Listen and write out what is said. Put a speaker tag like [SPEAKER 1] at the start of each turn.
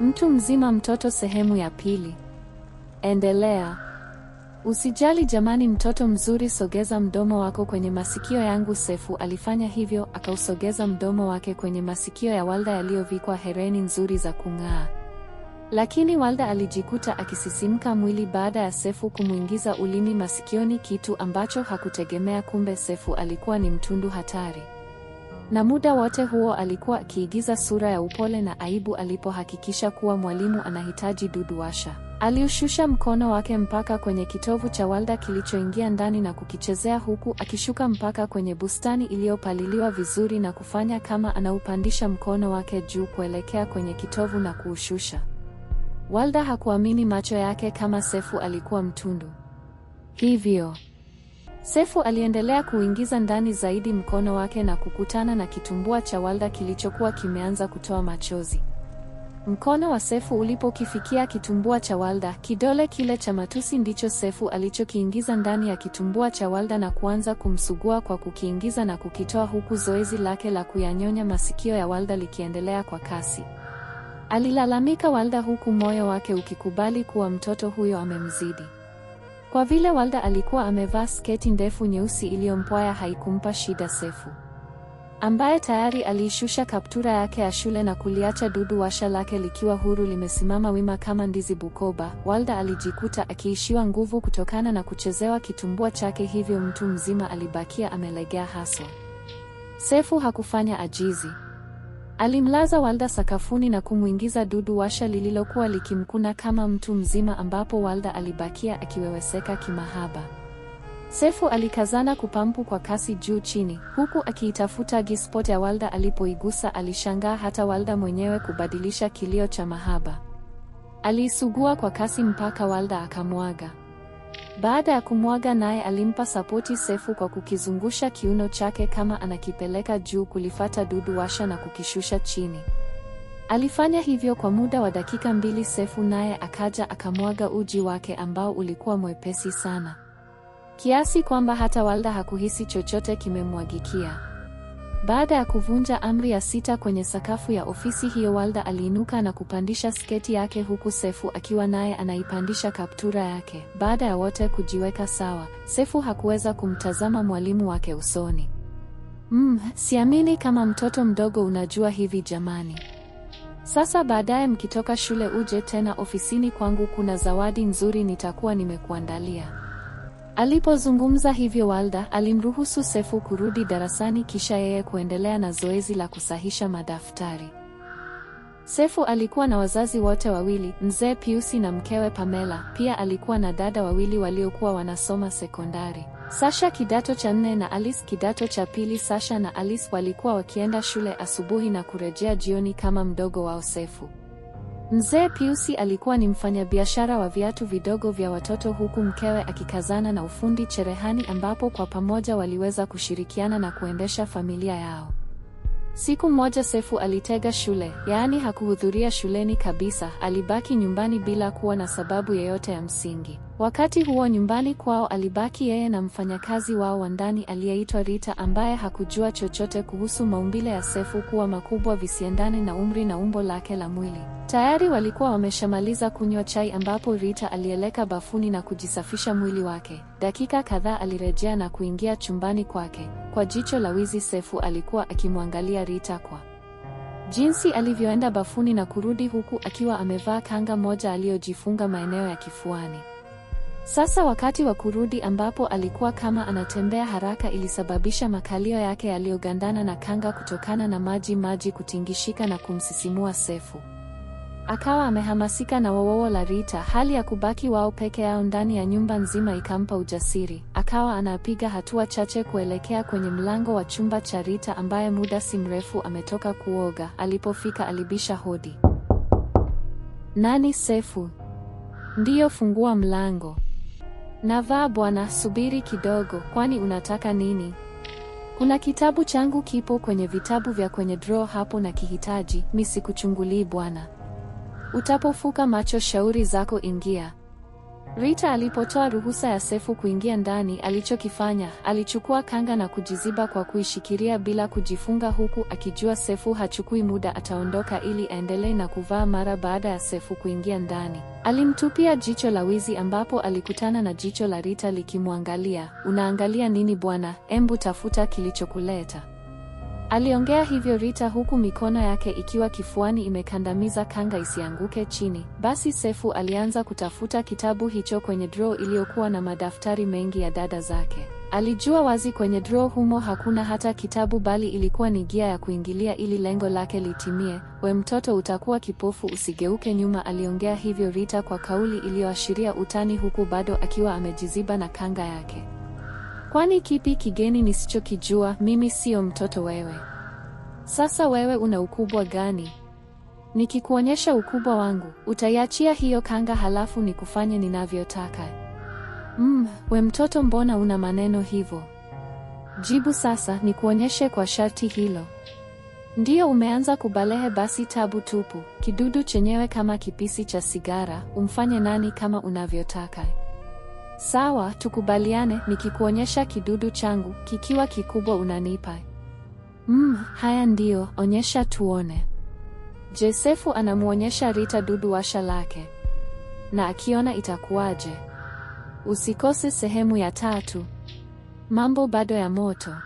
[SPEAKER 1] Mtu mzima mtoto sehemu ya pili. Endelea. Usijali jamani, mtoto mzuri, sogeza mdomo wako kwenye masikio yangu. Sefu alifanya hivyo, akausogeza mdomo wake kwenye masikio ya Walda yaliyovikwa hereni nzuri za kung'aa. Lakini Walda alijikuta akisisimka mwili baada ya Sefu kumwingiza ulimi masikioni, kitu ambacho hakutegemea. Kumbe Sefu alikuwa ni mtundu hatari. Na muda wote huo alikuwa akiigiza sura ya upole na aibu alipohakikisha kuwa mwalimu anahitaji dudu washa. Aliushusha mkono wake mpaka kwenye kitovu cha Walda kilichoingia ndani na kukichezea huku akishuka mpaka kwenye bustani iliyopaliliwa vizuri na kufanya kama anaupandisha mkono wake juu kuelekea kwenye kitovu na kuushusha. Walda hakuamini macho yake kama Sefu alikuwa mtundu. Hivyo Sefu aliendelea kuingiza ndani zaidi mkono wake na kukutana na kitumbua cha Walda kilichokuwa kimeanza kutoa machozi. Mkono wa Sefu ulipokifikia kitumbua cha Walda, kidole kile cha matusi ndicho Sefu alichokiingiza ndani ya kitumbua cha Walda na kuanza kumsugua kwa kukiingiza na kukitoa huku zoezi lake la kuyanyonya masikio ya Walda likiendelea kwa kasi. Alilalamika Walda huku moyo wake ukikubali kuwa mtoto huyo amemzidi. Kwa vile Walda alikuwa amevaa sketi ndefu nyeusi iliyompwaya haikumpa shida Sefu, ambaye tayari aliishusha kaptura yake ya shule na kuliacha dudu washa lake likiwa huru limesimama wima kama ndizi Bukoba. Walda alijikuta akiishiwa nguvu kutokana na kuchezewa kitumbua chake, hivyo mtu mzima alibakia amelegea haswa. Sefu hakufanya ajizi. Alimlaza Walda sakafuni na kumwingiza dudu washa lililokuwa likimkuna kama mtu mzima ambapo Walda alibakia akiweweseka kimahaba. Sefu alikazana kupampu kwa kasi juu chini, huku akiitafuta gispot ya Walda alipoigusa alishangaa hata Walda mwenyewe kubadilisha kilio cha mahaba. Aliisugua kwa kasi mpaka Walda akamwaga. Baada ya kumwaga naye alimpa sapoti Sefu kwa kukizungusha kiuno chake kama anakipeleka juu kulifata dudu washa na kukishusha chini. Alifanya hivyo kwa muda wa dakika mbili. Sefu naye akaja akamwaga uji wake ambao ulikuwa mwepesi sana, kiasi kwamba hata Walda hakuhisi chochote kimemwagikia. Baada ya kuvunja amri ya sita kwenye sakafu ya ofisi hiyo, Walda aliinuka na kupandisha sketi yake huku Sefu akiwa naye anaipandisha kaptura yake. Baada ya wote kujiweka sawa, Sefu hakuweza kumtazama mwalimu wake usoni. Mm, siamini kama mtoto mdogo unajua hivi jamani. Sasa baadaye mkitoka shule uje tena ofisini kwangu kuna zawadi nzuri nitakuwa nimekuandalia. Alipozungumza hivyo Walda alimruhusu Sefu kurudi darasani kisha yeye kuendelea na zoezi la kusahisha madaftari. Sefu alikuwa na wazazi wote wawili, mzee Piusi na mkewe Pamela. Pia alikuwa na dada wawili waliokuwa wanasoma sekondari, Sasha kidato cha nne na Alice kidato cha pili. Sasha na Alice walikuwa wakienda shule asubuhi na kurejea jioni kama mdogo wao Sefu. Mzee Piusi alikuwa ni mfanyabiashara wa viatu vidogo vya watoto huku mkewe akikazana na ufundi cherehani ambapo kwa pamoja waliweza kushirikiana na kuendesha familia yao. Siku moja Sefu alitega shule, yaani hakuhudhuria shuleni kabisa, alibaki nyumbani bila kuwa na sababu yeyote ya msingi. Wakati huo nyumbani kwao alibaki yeye na mfanyakazi wao wa ndani aliyeitwa Rita ambaye hakujua chochote kuhusu maumbile ya Sefu kuwa makubwa visiendane na umri na umbo lake la mwili. Tayari walikuwa wameshamaliza kunywa chai ambapo Rita alieleka bafuni na kujisafisha mwili wake. Dakika kadhaa alirejea na kuingia chumbani kwake. Kwa jicho la wizi Sefu alikuwa akimwangalia Rita kwa jinsi alivyoenda bafuni na kurudi huku akiwa amevaa kanga moja aliyojifunga maeneo ya kifuani. Sasa wakati wa kurudi ambapo alikuwa kama anatembea haraka ilisababisha makalio yake yaliyogandana na kanga kutokana na maji maji kutingishika na kumsisimua Sefu. Akawa amehamasika na wowowo la Rita, hali ya kubaki wao peke yao ndani ya nyumba nzima ikampa ujasiri. Akawa anapiga hatua chache kuelekea kwenye mlango wa chumba cha Rita ambaye muda si mrefu ametoka kuoga. Alipofika alibisha hodi. Nani Sefu? Ndiyo, fungua mlango. Navaa bwana, subiri kidogo, kwani unataka nini? Kuna kitabu changu kipo kwenye vitabu vya kwenye draw hapo na kihitaji, mi sikuchungulii bwana. Utapofuka macho shauri zako ingia. Rita alipotoa ruhusa ya Sefu kuingia ndani, alichokifanya, alichukua kanga na kujiziba kwa kuishikilia bila kujifunga huku akijua Sefu hachukui muda ataondoka ili aendelee na kuvaa mara baada ya Sefu kuingia ndani. Alimtupia jicho la wizi ambapo alikutana na jicho la Rita likimwangalia, "Unaangalia nini bwana? Embu tafuta kilichokuleta." Aliongea hivyo Rita huku mikono yake ikiwa kifuani imekandamiza kanga isianguke chini. Basi Sefu alianza kutafuta kitabu hicho kwenye draw iliyokuwa na madaftari mengi ya dada zake. Alijua wazi kwenye draw humo hakuna hata kitabu bali ilikuwa ni gia ya kuingilia ili lengo lake litimie. We mtoto utakuwa kipofu usigeuke nyuma, aliongea hivyo Rita kwa kauli iliyoashiria utani huku bado akiwa amejiziba na kanga yake. Kwani kipi kigeni nisichokijua? Mimi siyo mtoto wewe. Sasa wewe una ukubwa gani? Nikikuonyesha ukubwa wangu, utaiachia hiyo kanga halafu nikufanye ninavyotaka. Mm, we mtoto mbona una maneno hivyo? Jibu sasa nikuonyeshe kwa sharti hilo. Ndiyo umeanza kubalehe basi tabu tupu, kidudu chenyewe kama kipisi cha sigara, umfanye nani kama unavyotaka. Sawa, tukubaliane, nikikuonyesha kidudu changu kikiwa kikubwa unanipa. Mm, haya ndiyo, onyesha tuone. Josefu anamwonyesha Rita dudu washa lake. Na akiona itakuwaje? Usikose sehemu ya tatu. Mambo bado ya moto.